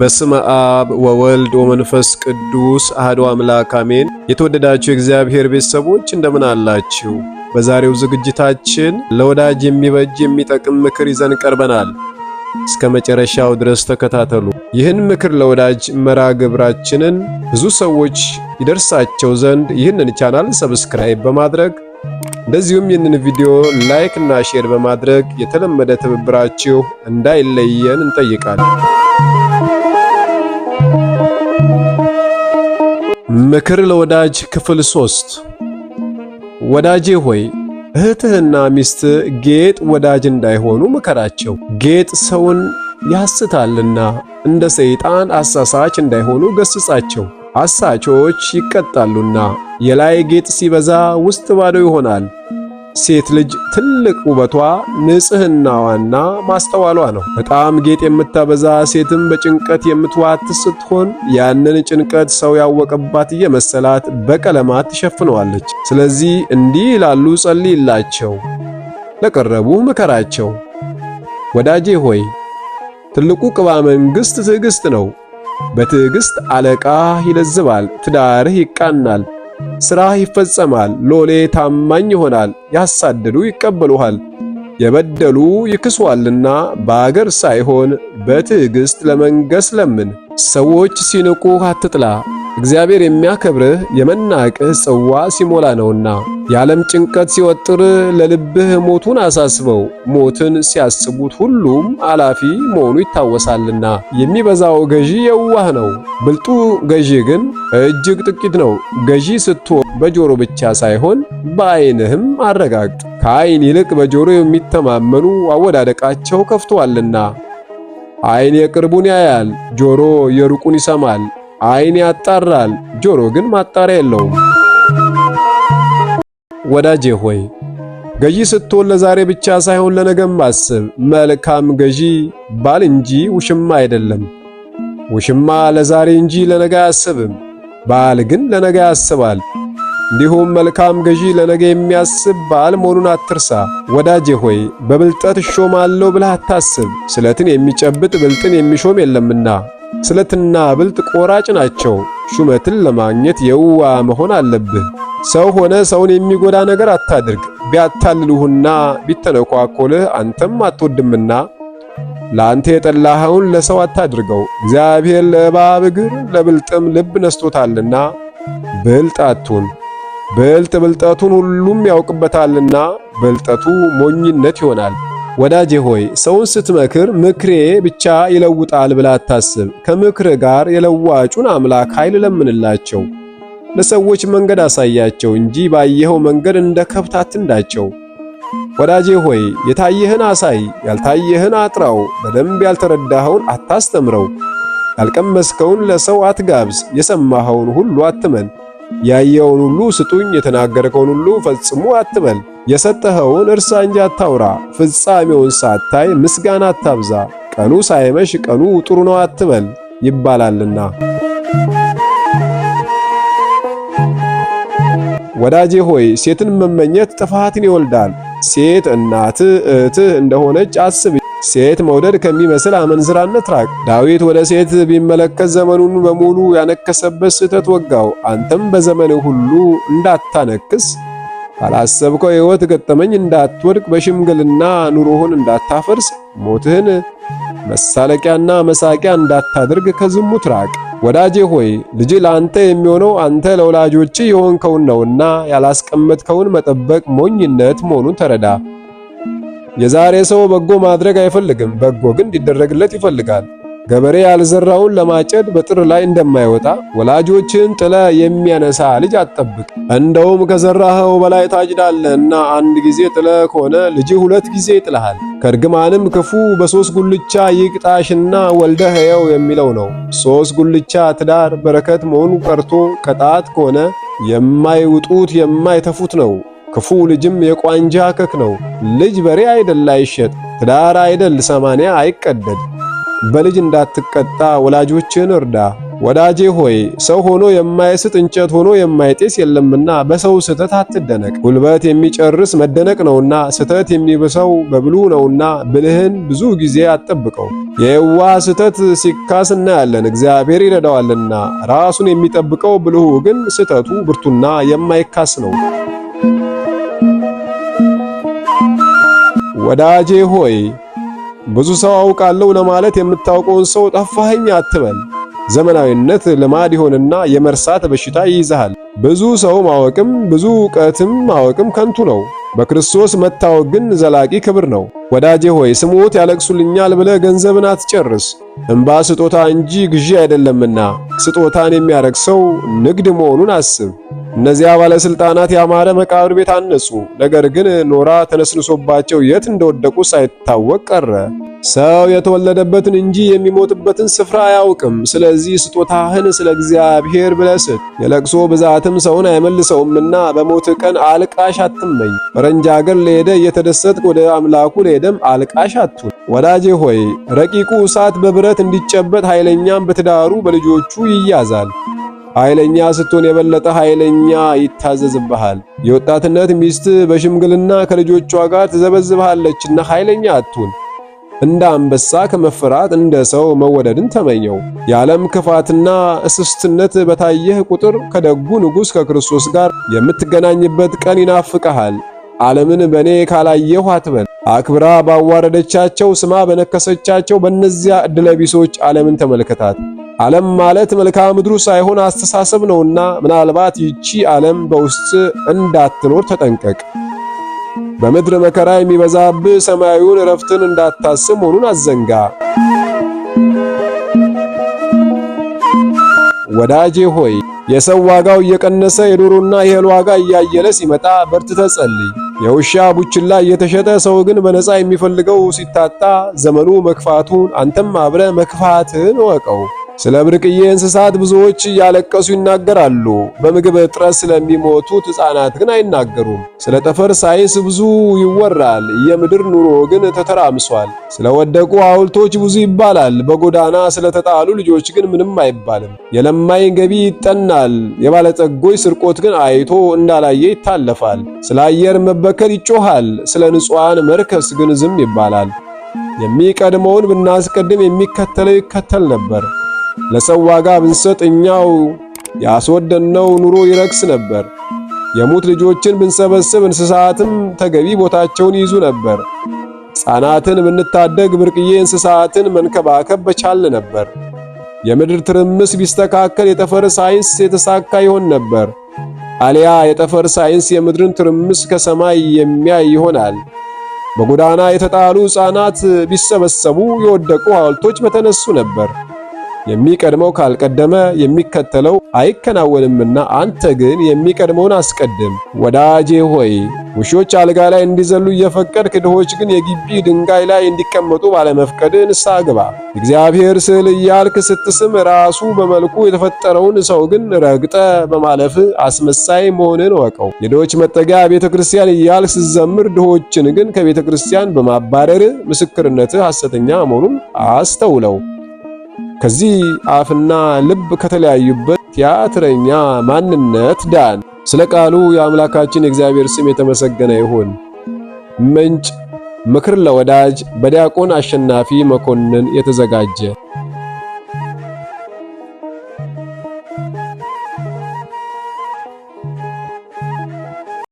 በስመ አብ ወወልድ ወመንፈስ ቅዱስ አህዶ አምላክ አሜን። የተወደዳችሁ የእግዚአብሔር ቤተሰቦች እንደምን አላችሁ? በዛሬው ዝግጅታችን ለወዳጅ የሚበጅ የሚጠቅም ምክር ይዘን ቀርበናል። እስከ መጨረሻው ድረስ ተከታተሉ። ይህን ምክር ለወዳጅ መርሃ ግብራችንን ብዙ ሰዎች ይደርሳቸው ዘንድ ይህንን ቻናል ሰብስክራይብ በማድረግ እንደዚሁም ይህንን ቪዲዮ ላይክ እና ሼር በማድረግ የተለመደ ትብብራችሁ እንዳይለየን እንጠይቃለን። ምክር ለወዳጅ ክፍል ሶስት ወዳጄ ሆይ እህትህና ሚስት ጌጥ ወዳጅ እንዳይሆኑ ምከራቸው። ጌጥ ሰውን ያስታልና እንደ ሰይጣን አሳሳች እንዳይሆኑ ገስጻቸው። አሳቾች ይቀጣሉና የላይ ጌጥ ሲበዛ ውስጥ ባዶ ይሆናል። ሴት ልጅ ትልቅ ውበቷ ንጽህናዋና ማስተዋሏ ነው። በጣም ጌጥ የምታበዛ ሴትም በጭንቀት የምትዋት ስትሆን ያንን ጭንቀት ሰው ያወቀባት እየመሰላት በቀለማት ትሸፍነዋለች። ስለዚህ እንዲህ ይላሉ፣ ጸልይላቸው፣ ለቀረቡ ምከራቸው። ወዳጄ ሆይ ትልቁ ቅባ መንግሥት ትዕግሥት ነው። በትዕግሥት አለቃ ይለዝባል፣ ትዳርህ ይቃናል። ሥራህ ይፈጸማል። ሎሌ ታማኝ ይሆናል፣ ያሳደዱ ይቀበሉሃል፣ የበደሉ ይክሷልና በአገር ሳይሆን በትዕግሥት ለመንገስ ለምን። ሰዎች ሲንቁህ አትጥላ፣ እግዚአብሔር የሚያከብርህ የመናቅህ ጽዋ ሲሞላ ነውና። የዓለም ጭንቀት ሲወጥር ለልብህ ሞቱን አሳስበው። ሞትን ሲያስቡት ሁሉም አላፊ መሆኑ ይታወሳልና። የሚበዛው ገዢ የዋህ ነው፣ ብልጡ ገዢ ግን እጅግ ጥቂት ነው። ገዢ ስትሆ በጆሮ ብቻ ሳይሆን በዓይንህም አረጋግጥ። ከዓይን ይልቅ በጆሮ የሚተማመኑ አወዳደቃቸው ከፍቷልና። ዓይን የቅርቡን ያያል፣ ጆሮ የሩቁን ይሰማል። ዓይን ያጣራል፣ ጆሮ ግን ማጣሪያ የለውም። ወዳጄ ሆይ ገዢ ስትሆን ለዛሬ ብቻ ሳይሆን ለነገም አስብ። መልካም ገዢ ባል እንጂ ውሽማ አይደለም። ውሽማ ለዛሬ እንጂ ለነገ አያስብም። ባል ግን ለነገ ያስባል። እንዲሁም መልካም ገዢ ለነገ የሚያስብ ባል መሆኑን አትርሳ። ወዳጄ ሆይ በብልጠት እሾማለሁ ብለህ አታስብ። ስለትን የሚጨብጥ ብልጥን የሚሾም የለምና ስለትና ብልጥ ቆራጭ ናቸው። ሹመትን ለማግኘት የዋ መሆን አለብህ። ሰው ሆነ ሰውን የሚጎዳ ነገር አታድርግ። ቢያታልሉህና ቢተነኳኮልህ አንተም አትወድምና ለአንተ የጠላኸውን ለሰው አታድርገው። እግዚአብሔር ለእባብ እግር ለብልጥም ልብ ነስቶታልና ብልጥ አትሁን። ብልጥ ብልጠቱን ሁሉም ያውቅበታልና ብልጠቱ ሞኝነት ይሆናል። ወዳጄ ሆይ ሰውን ስትመክር ምክሬ ብቻ ይለውጣል ብላ አታስብ። ከምክር ጋር የለዋጩን አምላክ ኃይል ለምንላቸው። ለሰዎች መንገድ አሳያቸው እንጂ ባየኸው መንገድ እንደ ከብት አትንዳቸው። ወዳጄ ሆይ የታየህን አሳይ፣ ያልታየህን አጥራው። በደንብ ያልተረዳኸውን አታስተምረው። ያልቀመስከውን ለሰው አትጋብዝ። የሰማኸውን ሁሉ አትመን። ያየውን ሁሉ ስጡኝ፣ የተናገርከውን ሁሉ ፈጽሙ አትበል። የሰጠኸውን እርሳ እንጂ አታውራ። ፍጻሜውን ሳታይ ምስጋና አታብዛ። ቀኑ ሳይመሽ ቀኑ ጥሩ ነው አትበል ይባላልና። ወዳጄ ሆይ ሴትን መመኘት ጥፋትን ይወልዳል። ሴት እናትህ እህትህ እንደሆነች አስብ። ሴት መውደድ ከሚመስል አመንዝራነት ራቅ። ዳዊት ወደ ሴት ቢመለከት ዘመኑን በሙሉ ያነከሰበት ስህተት ወጋው። አንተም በዘመንህ ሁሉ እንዳታነክስ ካላሰብከው የሕይወት ገጠመኝ እንዳትወድቅ፣ በሽምግልና ኑሮህን እንዳታፈርስ፣ ሞትህን መሳለቂያና መሳቂያ እንዳታደርግ ከዝሙት ራቅ። ወዳጄ ሆይ ልጅ ለአንተ የሚሆነው አንተ ለወላጆች የሆንከውን ነውና ያላስቀመጥከውን መጠበቅ ሞኝነት መሆኑን ተረዳ። የዛሬ ሰው በጎ ማድረግ አይፈልግም፣ በጎ ግን እንዲደረግለት ይፈልጋል። ገበሬ ያልዘራውን ለማጨድ በጥር ላይ እንደማይወጣ ወላጆችን ጥለ የሚያነሳ ልጅ አትጠብቅ። እንደውም ከዘራኸው በላይ ታጭዳለህ እና አንድ ጊዜ ጥለ ከሆነ ልጅ ሁለት ጊዜ ይጥልሃል። ከእርግማንም ክፉ በሶስት ጉልቻ ይቅጣሽና ወልደህ ሕየው የሚለው ነው። ሶስት ጉልቻ ትዳር በረከት መሆኑ ቀርቶ ከጣት ከሆነ የማይውጡት የማይተፉት ነው። ክፉ ልጅም የቋንጃ ከክ ነው። ልጅ በሬ አይደል አይሸጥ፣ ትዳር አይደል ሰማንያ አይቀደድ። በልጅ እንዳትቀጣ ወላጆችን እርዳ። ወዳጄ ሆይ ሰው ሆኖ የማይስጥ እንጨት ሆኖ የማይጤስ የለምና በሰው ስህተት አትደነቅ። ጉልበት የሚጨርስ መደነቅ ነውና፣ ስህተት የሚብሰው በብሉ ነውና ብልህን ብዙ ጊዜ አትጠብቀው። የዋ ስህተት ሲካስ እናያለን፣ እግዚአብሔር ይረዳዋልና። ራሱን የሚጠብቀው ብልሁ ግን ስህተቱ ብርቱና የማይካስ ነው። ወዳጄ ሆይ ብዙ ሰው አውቃለሁ ለማለት የምታውቀውን ሰው ጠፋኸኝ አትበል። ዘመናዊነት ልማድ ይሆንና የመርሳት በሽታ ይይዝሃል። ብዙ ሰው ማወቅም ብዙ ዕውቀትም ማወቅም ከንቱ ነው። በክርስቶስ መታወቅ ግን ዘላቂ ክብር ነው። ወዳጄ ሆይ ስሙት ያለቅሱልኛል ብለህ ገንዘብን አትጨርስ። እምባ ስጦታ እንጂ ግዢ አይደለምና ስጦታን የሚያረክሰው ንግድ መሆኑን አስብ። እነዚያ ባለስልጣናት ያማረ መቃብር ቤት አነጹ። ነገር ግን ኖራ ተነስንሶባቸው የት እንደወደቁ ሳይታወቅ ቀረ። ሰው የተወለደበትን እንጂ የሚሞትበትን ስፍራ አያውቅም። ስለዚህ ስጦታህን ስለ እግዚአብሔር ብለስት። የለቅሶ ብዛትም ሰውን አይመልሰውምና በሞት ቀን አልቃሽ አትመኝ። ፈረንጅ አገር ለሄደ እየተደሰትክ ወደ አምላኩ ለሄደም አልቃሽ አትሁን። ወዳጄ ሆይ ረቂቁ እሳት በብረት እንዲጨበጥ ኃይለኛም በትዳሩ በልጆቹ ይያዛል። ኃይለኛ ስትሆን የበለጠ ኃይለኛ ይታዘዝብሃል። የወጣትነት ሚስት በሽምግልና ከልጆቿ ጋር ትዘበዝብሃለችና ኃይለኛ አትሁን። እንደ አንበሳ ከመፈራት እንደ ሰው መወደድን ተመኘው። የዓለም ክፋትና እስስትነት በታየህ ቁጥር ከደጉ ንጉሥ ከክርስቶስ ጋር የምትገናኝበት ቀን ይናፍቀሃል። ዓለምን በኔ ካላየሁ አትበል። አክብራ ባዋረደቻቸው ስማ በነከሰቻቸው በእነዚያ ዕድለቢሶች ዓለምን ተመልከታት። ዓለም ማለት መልክዓ ምድሩ ሳይሆን አስተሳሰብ ነውና ምናልባት ይቺ ዓለም በውስጥ እንዳትኖር ተጠንቀቅ። በምድር መከራ የሚበዛብህ ሰማያዊውን እረፍትን እንዳታስብ መሆኑን አዘንጋ። ወዳጄ ሆይ የሰው ዋጋው እየቀነሰ የዶሮና የእህል ዋጋ እያየለ ሲመጣ በርትተ ጸልይ። የውሻ ቡችላ እየተሸጠ ሰው ግን በነፃ የሚፈልገው ሲታጣ ዘመኑ መክፋቱን አንተም አብረ መክፋትን እወቀው። ስለ ብርቅዬ እንስሳት ብዙዎች እያለቀሱ ይናገራሉ። በምግብ እጥረት ስለሚሞቱት ሕፃናት ግን አይናገሩም። ስለ ጠፈር ሳይንስ ብዙ ይወራል። የምድር ኑሮ ግን ተተራምሷል። ስለ ወደቁ ሐውልቶች ብዙ ይባላል። በጎዳና ስለተጣሉ ልጆች ግን ምንም አይባልም። የለማኝ ገቢ ይጠናል። የባለጸጎች ስርቆት ግን አይቶ እንዳላየ ይታለፋል። ስለ አየር መበከል ይጮሃል። ስለ ንጹሐን መርከስ ግን ዝም ይባላል። የሚቀድመውን ብናስቀድም የሚከተለው ይከተል ነበር። ለሰው ዋጋ ብንሰጥ እኛው ያስወደነው ኑሮ ይረክስ ነበር። የሙት ልጆችን ብንሰበስብ እንስሳትም ተገቢ ቦታቸውን ይይዙ ነበር። ሕፃናትን ብንታደግ ብርቅዬ እንስሳትን መንከባከብ በቻል ነበር። የምድር ትርምስ ቢስተካከል የጠፈር ሳይንስ የተሳካ ይሆን ነበር። አሊያ የጠፈር ሳይንስ የምድርን ትርምስ ከሰማይ የሚያይ ይሆናል። በጎዳና የተጣሉ ሕፃናት ቢሰበሰቡ የወደቁ ሐውልቶች በተነሱ ነበር። የሚቀድመው ካልቀደመ የሚከተለው አይከናወንምና አንተ ግን የሚቀድመውን አስቀድም። ወዳጄ ሆይ ውሾች አልጋ ላይ እንዲዘሉ እየፈቀድክ ድሆች ግን የግቢ ድንጋይ ላይ እንዲቀመጡ ባለመፍቀድ ንስሐ ግባ። እግዚአብሔር ስዕል እያልክ ስትስም ራሱ በመልኩ የተፈጠረውን ሰው ግን ረግጠ በማለፍ አስመሳይ መሆንን ወቀው። የድሆች መጠጊያ ቤተ ክርስቲያን እያልክ ስትዘምር ድሆችን ግን ከቤተ ክርስቲያን በማባረር ምስክርነት ሐሰተኛ መሆኑን አስተውለው። ከዚህ አፍና ልብ ከተለያዩበት ቲያትረኛ ማንነት ዳን። ስለ ቃሉ የአምላካችን የእግዚአብሔር ስም የተመሰገነ ይሁን። ምንጭ ምክር ለወዳጅ በዲያቆን አሸናፊ መኮንን የተዘጋጀ